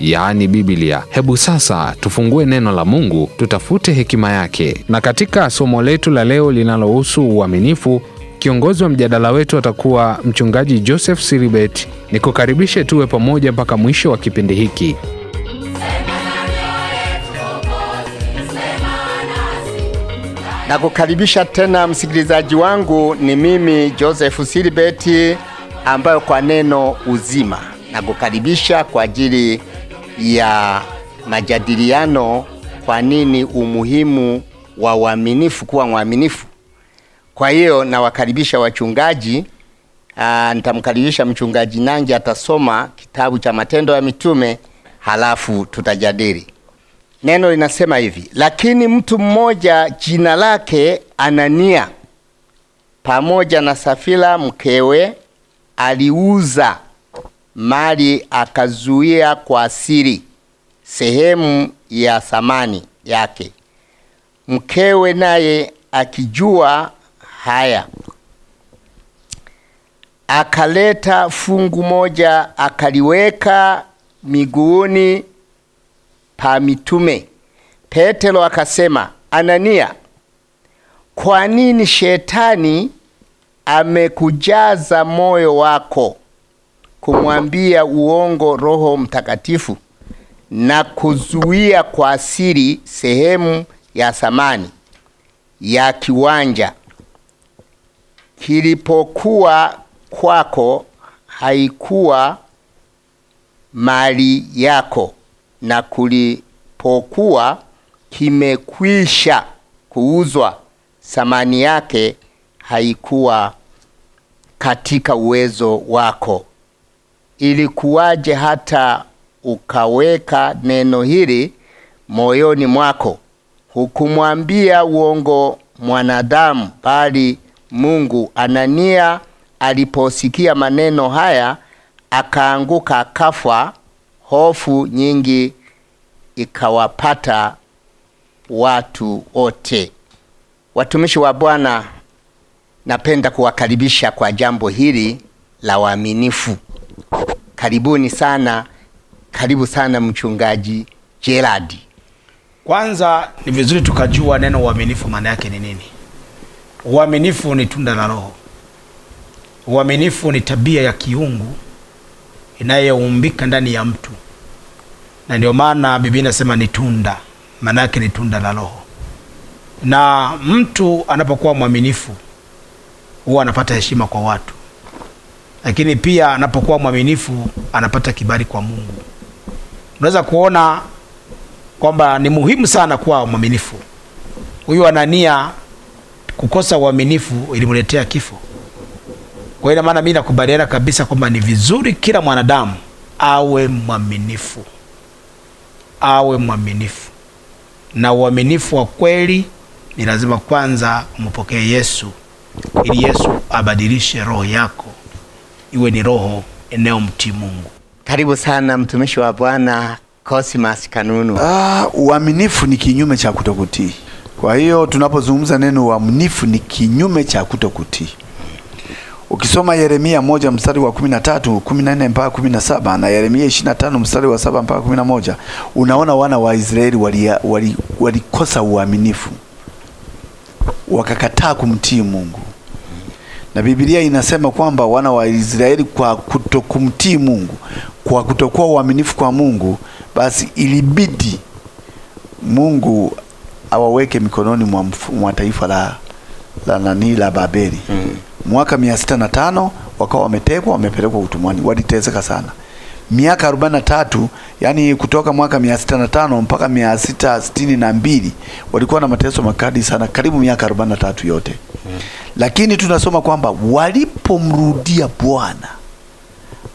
yaani Biblia. Hebu sasa tufungue neno la Mungu, tutafute hekima yake. Na katika somo letu la leo linalohusu uaminifu, kiongozi wa mjadala wetu atakuwa mchungaji Joseph Siribet. Nikukaribishe tuwe pamoja mpaka mwisho wa kipindi hiki. Nakukaribisha tena msikilizaji wangu, ni mimi Joseph Silibeti ambayo kwa neno uzima nakukaribisha kwa ajili ya majadiliano, kwa nini umuhimu wa uaminifu, kuwa mwaminifu. Kwa hiyo nawakaribisha wachungaji. Uh, nitamkaribisha mchungaji Nangi atasoma kitabu cha Matendo ya Mitume, halafu tutajadili. Neno linasema hivi: lakini mtu mmoja jina lake Anania pamoja na Safira mkewe aliuza mali akazuia kwa siri sehemu ya thamani yake. Mkewe naye akijua haya akaleta fungu moja akaliweka miguuni pa mitume. Petero akasema, Anania, kwa nini shetani amekujaza moyo wako kumwambia uongo Roho Mtakatifu na kuzuia kwa siri sehemu ya samani ya kiwanja kilipokuwa kwako haikuwa mali yako, na kulipokuwa kimekwisha kuuzwa samani yake haikuwa katika uwezo wako ilikuwaje hata ukaweka neno hili moyoni mwako? Hukumwambia uongo mwanadamu, bali Mungu. Anania aliposikia maneno haya akaanguka akafa. Hofu nyingi ikawapata watu wote. Watumishi wa Bwana, napenda kuwakaribisha kwa jambo hili la waaminifu. Karibuni sana, karibu sana mchungaji Gerard. Kwanza ni vizuri tukajua neno uaminifu maana yake ni nini. Uaminifu ni tunda la Roho. Uaminifu ni tabia ya kiungu inayoumbika ndani ya mtu, na ndio maana Biblia inasema ni tunda, maana yake ni tunda la Roho. Na mtu anapokuwa mwaminifu huwa anapata heshima kwa watu lakini pia anapokuwa mwaminifu anapata kibali kwa Mungu. Unaweza kuona kwamba ni muhimu sana kuwa mwaminifu. Huyu Anania kukosa uaminifu ilimletea kifo. Kwa hiyo maana mimi nakubaliana kabisa kwamba ni vizuri kila mwanadamu awe mwaminifu, awe mwaminifu. Na uaminifu wa kweli ni lazima kwanza umpokee Yesu, ili Yesu abadilishe roho yako iwe ni roho eneo mtii Mungu. Karibu sana mtumishi wa Bwana Cosmas Kanunu. Ah, uaminifu ni kinyume cha kutokutii. Kwa hiyo tunapozungumza neno uaminifu ni kinyume cha kutokutii. Ukisoma Yeremia moja mstari wa kumi na tatu kumi na nne mpaka kumi na saba na Yeremia ishirini na tano mstari wa saba mpaka kumi na moja unaona wana wa Israeli walikosa wali, wali uaminifu, wakakataa kumtii Mungu na Biblia inasema kwamba wana wa Israeli kwa kutokumtii Mungu, kwa kutokuwa uaminifu kwa Mungu, basi ilibidi Mungu awaweke mikononi mwa, mwa taifa la la nani la Babeli. Hmm. Mwaka mia sita na tano wakawa wametekwa wamepelekwa utumwani, waliteseka sana miaka arobaini na tatu yani kutoka mwaka mia sita na tano mpaka mia sita sitini na mbili walikuwa na mateso makali sana, karibu miaka arobaini na tatu yote. Lakini tunasoma kwamba walipomrudia Bwana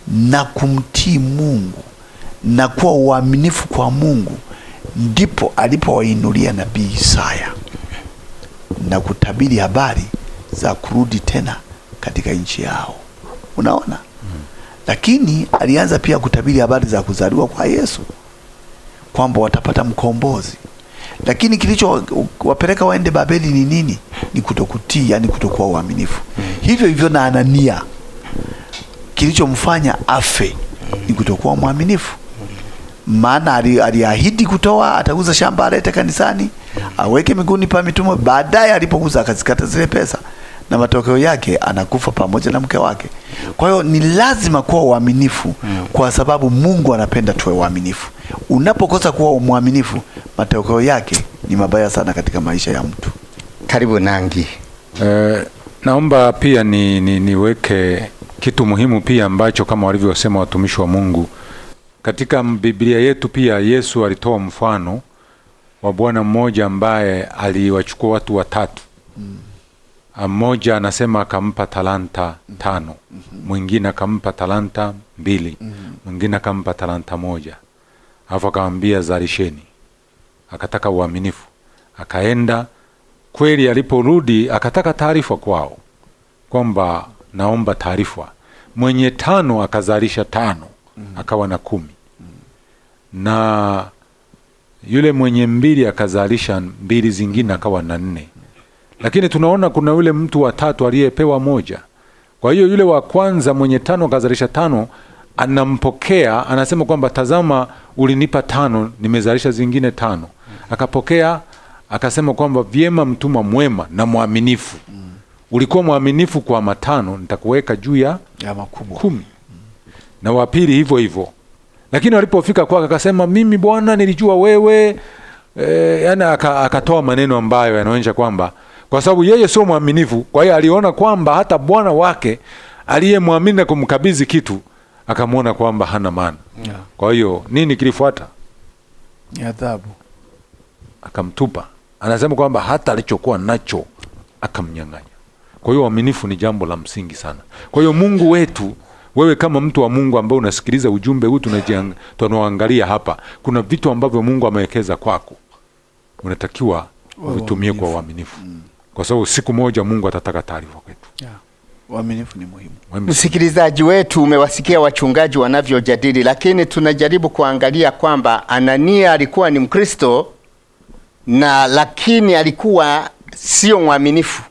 na kumtii Mungu na kuwa uaminifu kwa Mungu, ndipo alipowainulia nabii Isaya na kutabiri habari za kurudi tena katika nchi yao. Unaona? Hmm. Lakini alianza pia kutabiri habari za kuzaliwa kwa Yesu kwamba watapata mkombozi lakini kilicho wapeleka waende Babeli ni nini? Ni kutokutii, yani kutokuwa uaminifu. Hivyo hivyo na Anania, kilichomfanya afe ni kutokuwa mwaminifu, maana aliahidi kutoa, atauza shamba alete kanisani, aweke miguuni pa mitume. Baadaye alipouza akazikata zile pesa, na matokeo yake anakufa pamoja na mke wake. Kwa hiyo ni lazima kuwa uaminifu, kwa sababu Mungu anapenda tuwe uaminifu. Unapokosa kuwa mwaminifu, matokeo yake ni mabaya sana katika maisha ya mtu. Karibu Nangi. Eh, naomba pia ni, ni, niweke kitu muhimu pia ambacho kama walivyosema watumishi wa Mungu katika Biblia yetu pia Yesu alitoa mfano wa bwana mmoja ambaye aliwachukua watu watatu mm. Mmoja anasema akampa talanta mm. tano, mm-hmm. mwingine mm -hmm. akampa talanta mbili, mm-hmm. mwingine mm -hmm. akampa talanta moja, alafu akamwambia zalisheni akataka uaminifu, akaenda kweli. Aliporudi akataka taarifa kwao kwamba naomba taarifa. Mwenye tano akazalisha tano, mm akawa na kumi, mm na yule mwenye mbili akazalisha mbili zingine, akawa na nne. Lakini tunaona kuna yule mtu wa tatu aliyepewa moja. Kwa hiyo yule wa kwanza mwenye tano akazalisha tano anampokea, anasema kwamba tazama, ulinipa tano, nimezalisha zingine tano akapokea akasema kwamba vyema, mtumwa mwema na mwaminifu mm. ulikuwa mwaminifu kwa matano, nitakuweka juu ya makubwa kumi mm. na wa pili hivyo hivyo, lakini walipofika kwake akasema, mimi bwana, nilijua wewe e, yani akatoa maneno ambayo yanaonyesha kwamba kwa sababu yeye sio mwaminifu, kwa hiyo aliona kwamba hata bwana wake aliyemwamini na kumkabidhi kitu akamwona kwamba hana maana yeah. Kwa hiyo nini kilifuata? Adhabu akamtupa. Anasema kwamba hata alichokuwa nacho akamnyang'anya. Kwa hiyo uaminifu ni jambo la msingi sana. Kwa hiyo Mungu wetu, wewe kama mtu wa Mungu ambaye unasikiliza ujumbe huu tunaoangalia hapa, kuna vitu ambavyo Mungu amewekeza kwako, unatakiwa uvitumie kwa uaminifu, mm. kwa sababu siku moja Mungu atataka taarifa kwetu yeah. Uaminifu ni muhimu. Msikilizaji wetu, umewasikia wachungaji wanavyojadili, lakini tunajaribu kuangalia kwamba Anania alikuwa ni Mkristo na lakini alikuwa sio mwaminifu.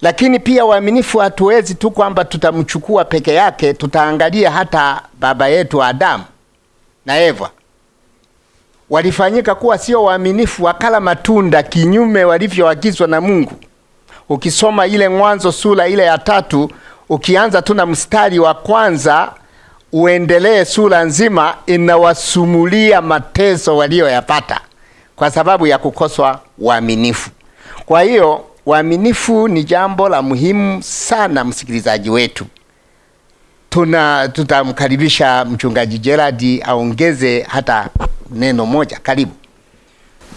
Lakini pia waaminifu hatuwezi tu kwamba tutamchukua peke yake, tutaangalia hata baba yetu Adamu na Eva walifanyika kuwa sio waaminifu, wakala matunda kinyume walivyoagizwa na Mungu. Ukisoma ile Mwanzo sura ile ya tatu, ukianza tu na mstari wa kwanza uendelee sura nzima, inawasumulia mateso waliyoyapata kwa sababu ya kukoswa uaminifu. Kwa hiyo uaminifu ni jambo la muhimu sana, msikilizaji wetu. Tuna tutamkaribisha mchungaji Gerard aongeze hata neno moja, karibu.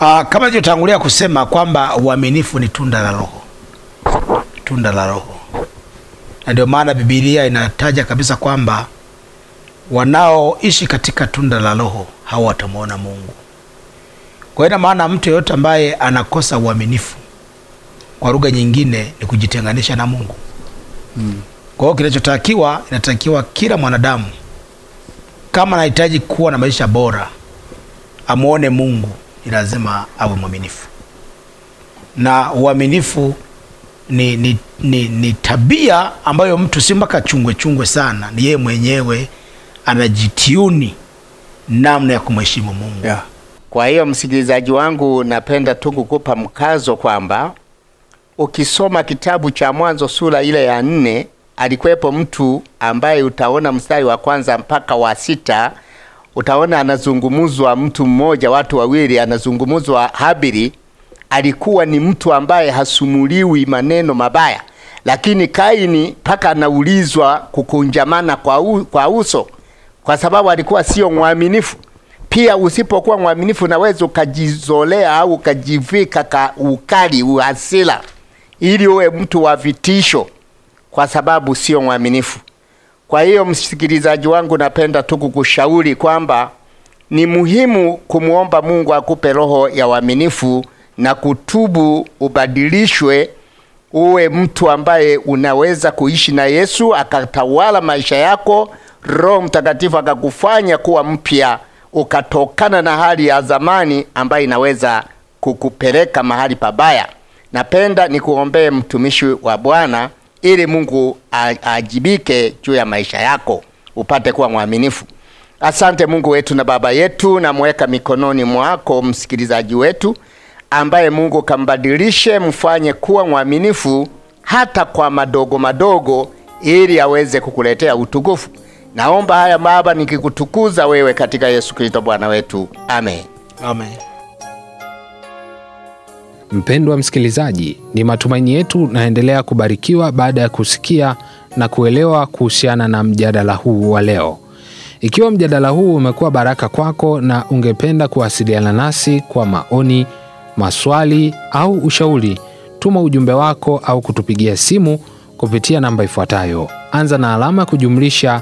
Aa, ah, kama nilivyotangulia kusema kwamba uaminifu ni tunda la Roho, tunda la Roho, na ndio maana Biblia inataja kabisa kwamba wanaoishi katika tunda la Roho hao watamwona Mungu. Kwa ina maana mtu yeyote ambaye anakosa uaminifu, kwa lugha nyingine, ni kujitenganisha na Mungu mm. Kwa hiyo kinachotakiwa, inatakiwa kila mwanadamu kama anahitaji kuwa na maisha bora, amwone Mungu, ni lazima awe mwaminifu, na uaminifu ni, ni, ni, ni tabia ambayo mtu si mpaka chungwe chungwe sana, ni yeye mwenyewe anajitiuni namna ya kumheshimu Mungu yeah. Kwa hiyo msikilizaji wangu, napenda tu kukupa mkazo kwamba ukisoma kitabu cha Mwanzo sura ile ya nne, alikuwepo mtu ambaye utaona mstari wa kwanza mpaka wa sita utaona anazungumuzwa mtu mmoja, watu wawili, anazungumuzwa Habili. Alikuwa ni mtu ambaye hasumuliwi maneno mabaya, lakini Kaini mpaka anaulizwa kukunjamana kwa, u, kwa uso, kwa sababu alikuwa sio mwaminifu. Pia usipokuwa mwaminifu, naweza ukajizolea au ukajivika ka ukali uhasira, ili uwe mtu wa vitisho, kwa sababu sio mwaminifu. Kwa hiyo, msikilizaji wangu, napenda tu kukushauri kwamba ni muhimu kumwomba Mungu akupe roho ya uaminifu na kutubu, ubadilishwe uwe mtu ambaye unaweza kuishi na Yesu akatawala maisha yako, Roho Mtakatifu akakufanya kuwa mpya ukatokana na hali ya zamani ambayo inaweza kukupeleka mahali pabaya. Napenda nikuombee mtumishi wa Bwana ili Mungu ajibike juu ya maisha yako, upate kuwa mwaminifu. Asante Mungu wetu na Baba yetu, namweka mikononi mwako msikilizaji wetu ambaye Mungu kambadilishe, mfanye kuwa mwaminifu hata kwa madogo madogo, ili aweze kukuletea utukufu. Naomba haya Baba, nikikutukuza wewe katika Yesu Kristo Bwana wetu, amen. Amen. Mpendwa msikilizaji, ni matumaini yetu naendelea kubarikiwa baada ya kusikia na kuelewa kuhusiana na mjadala huu wa leo. Ikiwa mjadala huu umekuwa baraka kwako na ungependa kuwasiliana nasi kwa maoni, maswali au ushauri, tuma ujumbe wako au kutupigia simu kupitia namba ifuatayo: anza na alama kujumlisha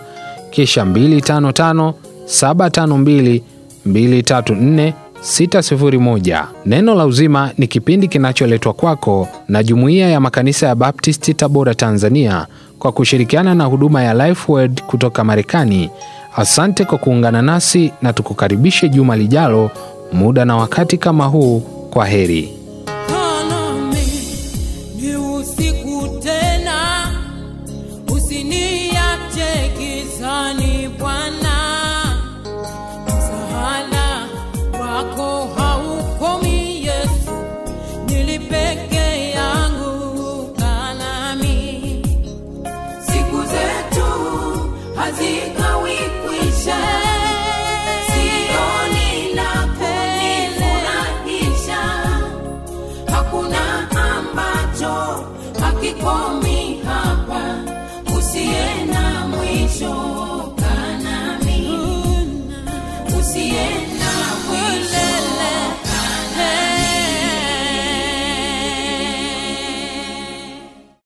kisha 255 752 234 601. Neno la Uzima ni kipindi kinacholetwa kwako na Jumuiya ya Makanisa ya Baptisti Tabora, Tanzania, kwa kushirikiana na huduma ya Lifeword kutoka Marekani. Asante kwa kuungana nasi na tukukaribishe juma lijalo, muda na wakati kama huu. Kwa heri.